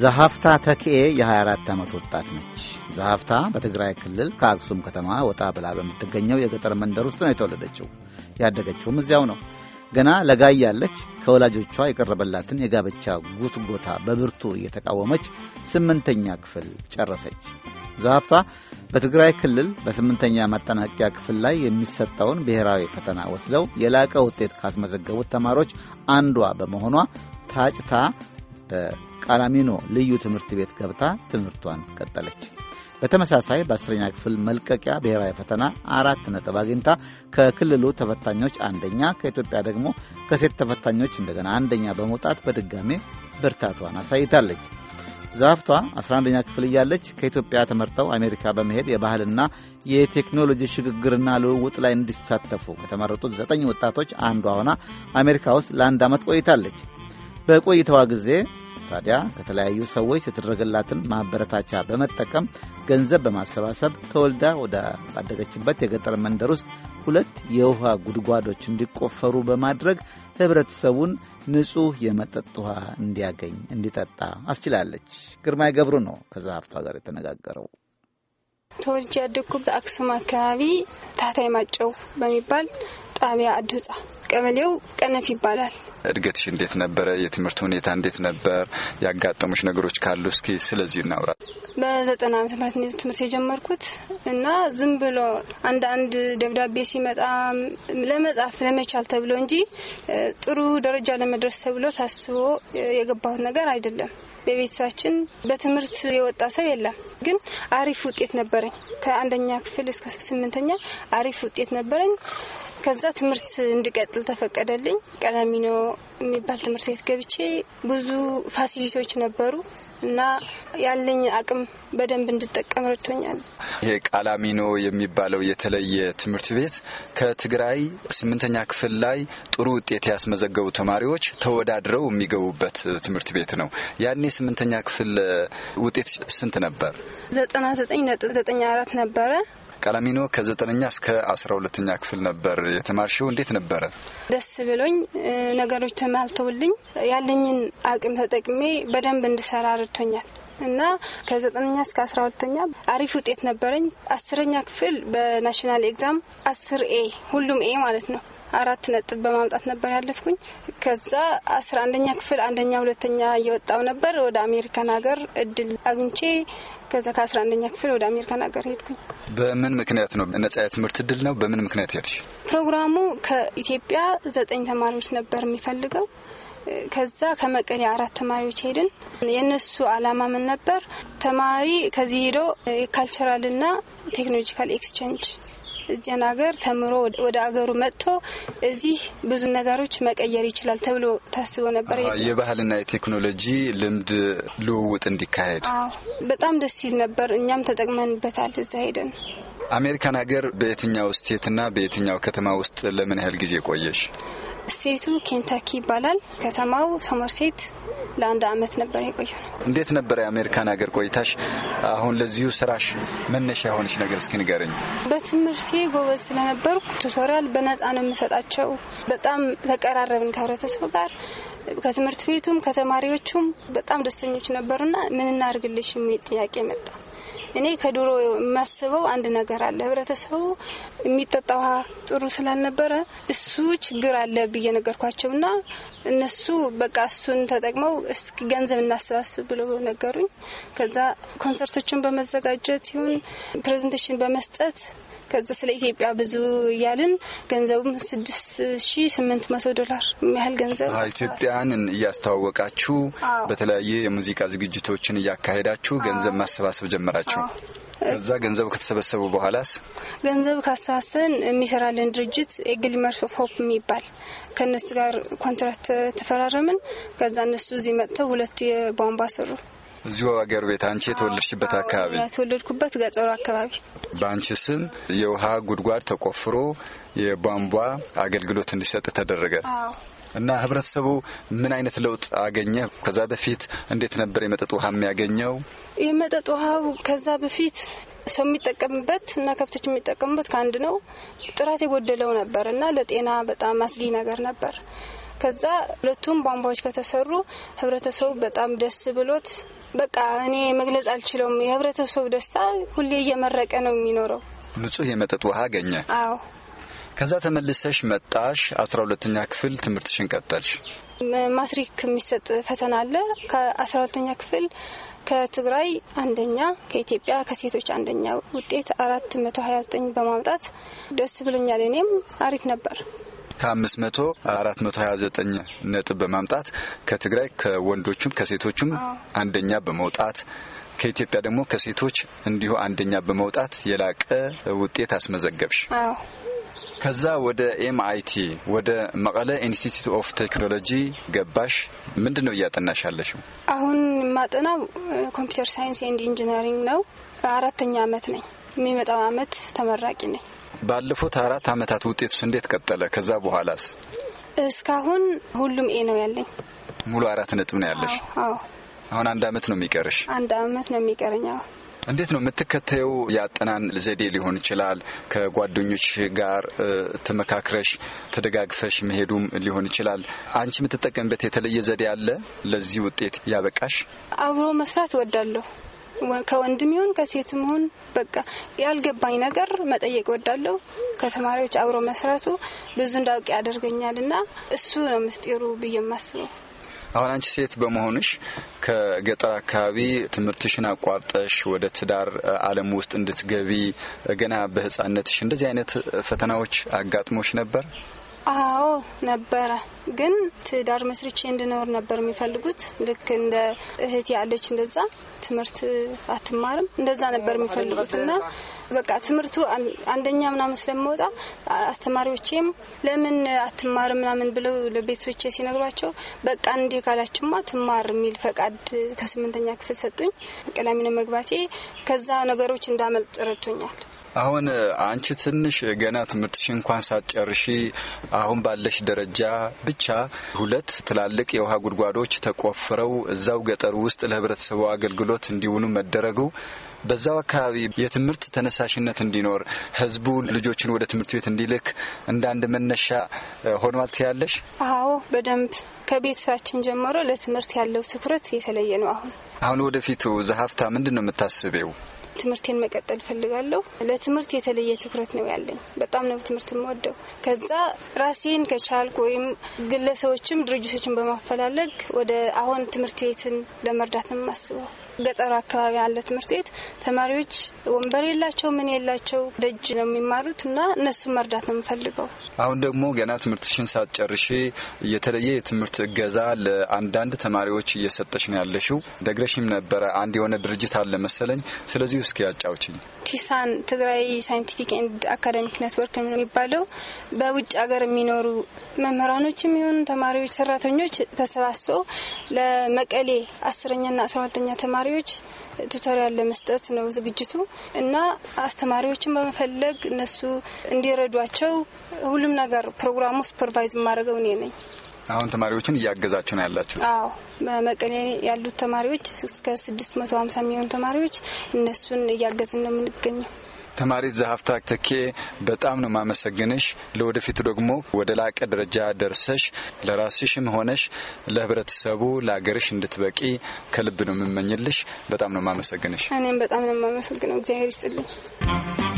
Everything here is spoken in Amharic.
ዛሀፍታ ተክኤ የ24 ዓመት ወጣት ነች። ዛሀፍታ በትግራይ ክልል ከአክሱም ከተማ ወጣ ብላ በምትገኘው የገጠር መንደር ውስጥ ነው የተወለደችው። ያደገችውም እዚያው ነው። ገና ለጋ ያለች ከወላጆቿ የቀረበላትን የጋብቻ ጉትጎታ በብርቱ እየተቃወመች ስምንተኛ ክፍል ጨረሰች። ዛሀፍታ በትግራይ ክልል በስምንተኛ ማጠናቂያ ክፍል ላይ የሚሰጠውን ብሔራዊ ፈተና ወስደው የላቀ ውጤት ካስመዘገቡት ተማሪዎች አንዷ በመሆኗ ታጭታ ቃላሚኖ ልዩ ትምህርት ቤት ገብታ ትምህርቷን ቀጠለች። በተመሳሳይ በአስረኛ ክፍል መልቀቂያ ብሔራዊ ፈተና አራት ነጥብ አግኝታ ከክልሉ ተፈታኞች አንደኛ፣ ከኢትዮጵያ ደግሞ ከሴት ተፈታኞች እንደገና አንደኛ በመውጣት በድጋሜ ብርታቷን አሳይታለች። ዛፍቷ 11ኛ ክፍል እያለች ከኢትዮጵያ ተመርተው አሜሪካ በመሄድ የባህልና የቴክኖሎጂ ሽግግርና ልውውጥ ላይ እንዲሳተፉ ከተመረጡት ዘጠኝ ወጣቶች አንዷ ሆና አሜሪካ ውስጥ ለአንድ ዓመት ቆይታለች። በቆይታዋ ጊዜ ታዲያ ከተለያዩ ሰዎች የተደረገላትን ማበረታቻ በመጠቀም ገንዘብ በማሰባሰብ ተወልዳ ወደ ባደገችበት የገጠር መንደር ውስጥ ሁለት የውሃ ጉድጓዶች እንዲቆፈሩ በማድረግ ህብረተሰቡን ንጹህ የመጠጥ ውሃ እንዲያገኝ እንዲጠጣ አስችላለች። ግርማይ ገብሩ ነው ከዛሀፍቷ ጋር የተነጋገረው። ተወልጄ ያደግኩበት አክሱም አካባቢ ታህታይ ማጨው በሚባል ጣቢያ አድጣ ቀበሌው ቀነፍ ይባላል። እድገትሽ እንዴት ነበረ? የትምህርት ሁኔታ እንዴት ነበር? ያጋጠሙሽ ነገሮች ካሉ እስኪ ስለዚህ እናውራ። በዘጠና ዓመተ ምህረት ትምህርት የጀመርኩት እና ዝም ብሎ አንዳንድ ደብዳቤ ሲመጣ ለመጻፍ ለመቻል ተብሎ እንጂ ጥሩ ደረጃ ለመድረስ ተብሎ ታስቦ የገባሁት ነገር አይደለም። በቤተሰባችን በትምህርት የወጣ ሰው የለም። ግን አሪፍ ውጤት ነበረኝ። ከአንደኛ ክፍል እስከ ስምንተኛ አሪፍ ውጤት ነበረኝ። ከዛ ትምህርት እንድቀጥል ተፈቀደልኝ። ቀለሚኖ የሚባል ትምህርት ቤት ገብቼ ብዙ ፋሲሊቲዎች ነበሩ እና ያለኝ አቅም በደንብ እንድጠቀም ረድቶኛል። ይሄ ቃላሚኖ የሚባለው የተለየ ትምህርት ቤት ከትግራይ ስምንተኛ ክፍል ላይ ጥሩ ውጤት ያስመዘገቡ ተማሪዎች ተወዳድረው የሚገቡበት ትምህርት ቤት ነው። ያኔ ስምንተኛ ክፍል ውጤት ስንት ነበር? ዘጠና ዘጠኝ ነጥብ ዘጠኝ አራት ነበረ። ቀለሚኖ ከዘጠነኛ እስከ አስራ ሁለተኛ ክፍል ነበር የተማርሽው። እንዴት ነበረ? ደስ ብሎኝ ነገሮች ተማልተውልኝ ያለኝን አቅም ተጠቅሜ በደንብ እንድሰራ ረድቶኛል እና ከዘጠነኛ እስከ አስራ ሁለተኛ አሪፍ ውጤት ነበረኝ። አስረኛ ክፍል በናሽናል ኤግዛም አስር ኤ ሁሉም ኤ ማለት ነው አራት ነጥብ በማምጣት ነበር ያለፍኩኝ። ከዛ አስራ አንደኛ ክፍል አንደኛ ሁለተኛ እየወጣው ነበር ወደ አሜሪካን ሀገር እድል አግኝቼ ከዛ ከአስራ አንደኛ ክፍል ወደ አሜሪካን ሀገር ሄድኩኝ። በምን ምክንያት ነው? ነጻ የትምህርት እድል ነው። በምን ምክንያት ሄድሽ? ፕሮግራሙ ከኢትዮጵያ ዘጠኝ ተማሪዎች ነበር የሚፈልገው ከዛ ከመቀሌ አራት ተማሪዎች ሄድን። የእነሱ አላማ ምን ነበር? ተማሪ ከዚህ ሄዶ የካልቸራልና ቴክኖሎጂካል ኤክስቼንጅ እዚያን ሀገር ተምሮ ወደ አገሩ መጥቶ እዚህ ብዙ ነገሮች መቀየር ይችላል ተብሎ ታስቦ ነበር። የባህልና የቴክኖሎጂ ልምድ ልውውጥ እንዲካሄድ በጣም ደስ ይል ነበር። እኛም ተጠቅመንበታል እዛ ሄደን። አሜሪካን ሀገር በየትኛው ስቴትና በየትኛው ከተማ ውስጥ ለምን ያህል ጊዜ ቆየሽ? ስቴቱ ኬንታኪ ይባላል። ከተማው ሶመርሴት ለአንድ አመት ነበር የቆየ ነው። እንዴት ነበረ የአሜሪካን ሀገር ቆይታሽ? አሁን ለዚሁ ስራሽ መነሻ የሆነች ነገር እስኪ ንገረኝ። በትምህርቴ ጎበዝ ስለነበርኩ ቱቶሪያል በነጻ ነው የምሰጣቸው። በጣም ተቀራረብን ከህብረተሰቡ ጋር ከትምህርት ቤቱም ከተማሪዎቹም በጣም ደስተኞች ነበሩና ምን እናድርግልሽ የሚል ጥያቄ መጣ። እኔ ከድሮ የማስበው አንድ ነገር አለ። ህብረተሰቡ የሚጠጣ ውሃ ጥሩ ስላልነበረ እሱ ችግር አለ ብዬ እና እነሱ በቃ እሱን ተጠቅመው እስኪ ገንዘብ እናሰባስብ ብለው ነገሩኝ። ከዛ ኮንሰርቶችን በመዘጋጀት ይሁን ፕሬዘንቴሽን በመስጠት ከዚ ስለ ኢትዮጵያ ብዙ እያልን ገንዘቡም ስድስት ሺ ስምንት መቶ ዶላር የሚያህል ገንዘብ ኢትዮጵያንን እያስተዋወቃችሁ በተለያየ የሙዚቃ ዝግጅቶችን እያካሄዳችሁ ገንዘብ ማሰባሰብ ጀመራችሁ። ከዛ ገንዘብ ከተሰበሰቡ በኋላስ ገንዘብ ካሰባሰብን የሚሰራልን ድርጅት ኤግሊመርስ ኦፍ ሆፕ የሚባል ከእነሱ ጋር ኮንትራክት ተፈራረምን። ከዛ እነሱ እዚህ መጥተው ሁለት የቧንቧ ሰሩ። እዚሁ ሀገር ቤት አንቺ የተወለድሽበት አካባቢ? የተወለድኩበት ገጠሩ አካባቢ። በአንቺ ስም የውሃ ጉድጓድ ተቆፍሮ የቧንቧ አገልግሎት እንዲሰጥ ተደረገ። እና ህብረተሰቡ ምን አይነት ለውጥ አገኘ? ከዛ በፊት እንዴት ነበር የመጠጥ ውሃ የሚያገኘው? የመጠጥ ውሃው ከዛ በፊት ሰው የሚጠቀምበት እና ከብቶች የሚጠቀሙበት ከአንድ ነው። ጥራት የጎደለው ነበር እና ለጤና በጣም አስጊ ነገር ነበር። ከዛ ሁለቱም ቧንቧዎች ከተሰሩ ህብረተሰቡ በጣም ደስ ብሎት በቃ እኔ መግለጽ አልችለውም። የህብረተሰቡ ደስታ ሁሌ እየመረቀ ነው የሚኖረው። ንጹህ የመጠጥ ውሃ አገኘ። አዎ። ከዛ ተመልሰሽ መጣሽ። አስራ ሁለተኛ ክፍል ትምህርትሽን ቀጠልሽ። ማትሪክ የሚሰጥ ፈተና አለ። ከአስራ ሁለተኛ ክፍል ከትግራይ አንደኛ፣ ከኢትዮጵያ ከሴቶች አንደኛ ውጤት አራት መቶ ሀያ ዘጠኝ በማምጣት ደስ ብሎኛል። እኔም አሪፍ ነበር። ከ500 429 ነጥብ በማምጣት ከትግራይ ከወንዶቹም ከሴቶቹም አንደኛ በመውጣት ከኢትዮጵያ ደግሞ ከሴቶች እንዲሁ አንደኛ በመውጣት የላቀ ውጤት አስመዘገብሽ። ከዛ ወደ ኤምአይቲ ወደ መቀለ ኢንስቲትዩት ኦፍ ቴክኖሎጂ ገባሽ። ምንድን ነው እያጠናሽ ያለሽው? አሁን ማጠናው ኮምፒውተር ሳይንስ ኤንድ ኢንጂነሪንግ ነው። አራተኛ አመት ነኝ። የሚመጣው አመት ተመራቂ ነኝ። ባለፉት አራት አመታት ውጤቱስ እንዴት ቀጠለ? ከዛ በኋላስ? እስካሁን ሁሉም ኤ ነው ያለኝ። ሙሉ አራት ነጥብ ነው ያለሽ? አዎ። አሁን አንድ አመት ነው የሚቀርሽ? አንድ አመት ነው የሚቀረኝ። አዎ። እንዴት ነው የምትከተየው? የአጠናን ዘዴ ሊሆን ይችላል። ከጓደኞች ጋር ተመካክረሽ ተደጋግፈሽ መሄዱም ሊሆን ይችላል። አንቺ የምትጠቀምበት የተለየ ዘዴ አለ ለዚህ ውጤት ያበቃሽ? አብሮ መስራት እወዳለሁ። ከወንድም ይሁን ከሴትም ይሁን በቃ ያልገባኝ ነገር መጠየቅ ወዳለው ከተማሪዎች አብሮ መስራቱ ብዙ እንዳውቅ ያደርገኛል እና እሱ ነው ምስጢሩ ብዬ የማስበው። አሁን አንቺ ሴት በመሆንሽ ከገጠር አካባቢ ትምህርትሽን አቋርጠሽ ወደ ትዳር ዓለም ውስጥ እንድትገቢ ገና በሕፃነትሽ እንደዚህ አይነት ፈተናዎች አጋጥሞች ነበር? አዎ ነበረ። ግን ትዳር መስርቼ እንድኖር ነበር የሚፈልጉት። ልክ እንደ እህት ያለች እንደዛ ትምህርት አትማርም እንደዛ ነበር የሚፈልጉት እና በቃ ትምህርቱ አንደኛ ምናምን ስለመወጣ አስተማሪዎቼም ለምን አትማር ምናምን ብለው ለቤቶቼ ሲነግሯቸው በቃ እንዲህ ካላችሁማ ትማር የሚል ፈቃድ ከስምንተኛ ክፍል ሰጡኝ። ቀዳሚ ነው መግባቴ ከዛ ነገሮች እንዳመልጥ ረድቶኛል። አሁን አንቺ ትንሽ ገና ትምህርትሽ እንኳን ሳትጨርሺ አሁን ባለሽ ደረጃ ብቻ ሁለት ትላልቅ የውሃ ጉድጓዶች ተቆፍረው እዛው ገጠር ውስጥ ለህብረተሰቡ አገልግሎት እንዲውሉ መደረጉ በዛው አካባቢ የትምህርት ተነሳሽነት እንዲኖር ህዝቡ ልጆችን ወደ ትምህርት ቤት እንዲልክ እንደ አንድ መነሻ ሆኗል ትያለሽ? አዎ በደንብ ከቤተሰባችን ጀምሮ ለትምህርት ያለው ትኩረት የተለየ ነው። አሁን አሁን ወደፊቱ ዘሀፍታ ምንድን ነው የምታስቤው? ትምህርቴን መቀጠል ፈልጋለሁ። ለትምህርት የተለየ ትኩረት ነው ያለኝ። በጣም ነው ትምህርት የምወደው። ከዛ ራሴን ከቻልኩ ወይም ግለሰቦችም ድርጅቶችን በማፈላለግ ወደ አሁን ትምህርት ቤትን ለመርዳት ነው የማስበው። ገጠሩ አካባቢ ያለ ትምህርት ቤት ተማሪዎች ወንበር የላቸው፣ ምን የላቸው፣ ደጅ ነው የሚማሩት እና እነሱን መርዳት ነው የምፈልገው። አሁን ደግሞ ገና ትምህርትሽን ሳትጨርሽ የተለየ የትምህርት እገዛ ለአንዳንድ ተማሪዎች እየሰጠሽ ነው ያለሽው። ደግረሽም ነበረ አንድ የሆነ ድርጅት አለ መሰለኝ። ስለዚህ እስኪ ያጫውችኝ። ቲሳን ትግራይ ሳይንቲፊክ ኤንድ አካደሚክ ኔትወርክ የሚባለው በውጭ ሀገር የሚኖሩ መምህራኖች የሚሆኑ ተማሪዎች፣ ሰራተኞች ተሰባስበው ለመቀሌ አስረኛና አስራ ሁለተኛ ተማሪዎች ቱቶሪያል ለመስጠት ነው ዝግጅቱ እና አስተማሪዎችን በመፈለግ እነሱ እንዲረዷቸው ሁሉም ነገር ፕሮግራሙ ሱፐርቫይዝ ማድረገው እኔ ነኝ። አሁን ተማሪዎችን እያገዛችሁ ነው ያላችሁ? አዎ፣ በመቀሌ ያሉት ተማሪዎች እስከ ስድስት መቶ ሀምሳ የሚሆኑ ተማሪዎች እነሱን እያገዝን ነው የምንገኘው። ተማሪት ዘሀፍታ ተኬ በጣም ነው ማመሰግንሽ። ለወደፊቱ ደግሞ ወደ ላቀ ደረጃ ደርሰሽ ለራስሽም ሆነሽ ለህብረተሰቡ ለሀገርሽ እንድትበቂ ከልብ ነው የምመኝልሽ። በጣም ነው ማመሰግንሽ። እኔም በጣም ነው የማመሰግነው። እግዚአብሔር ይስጥልኝ።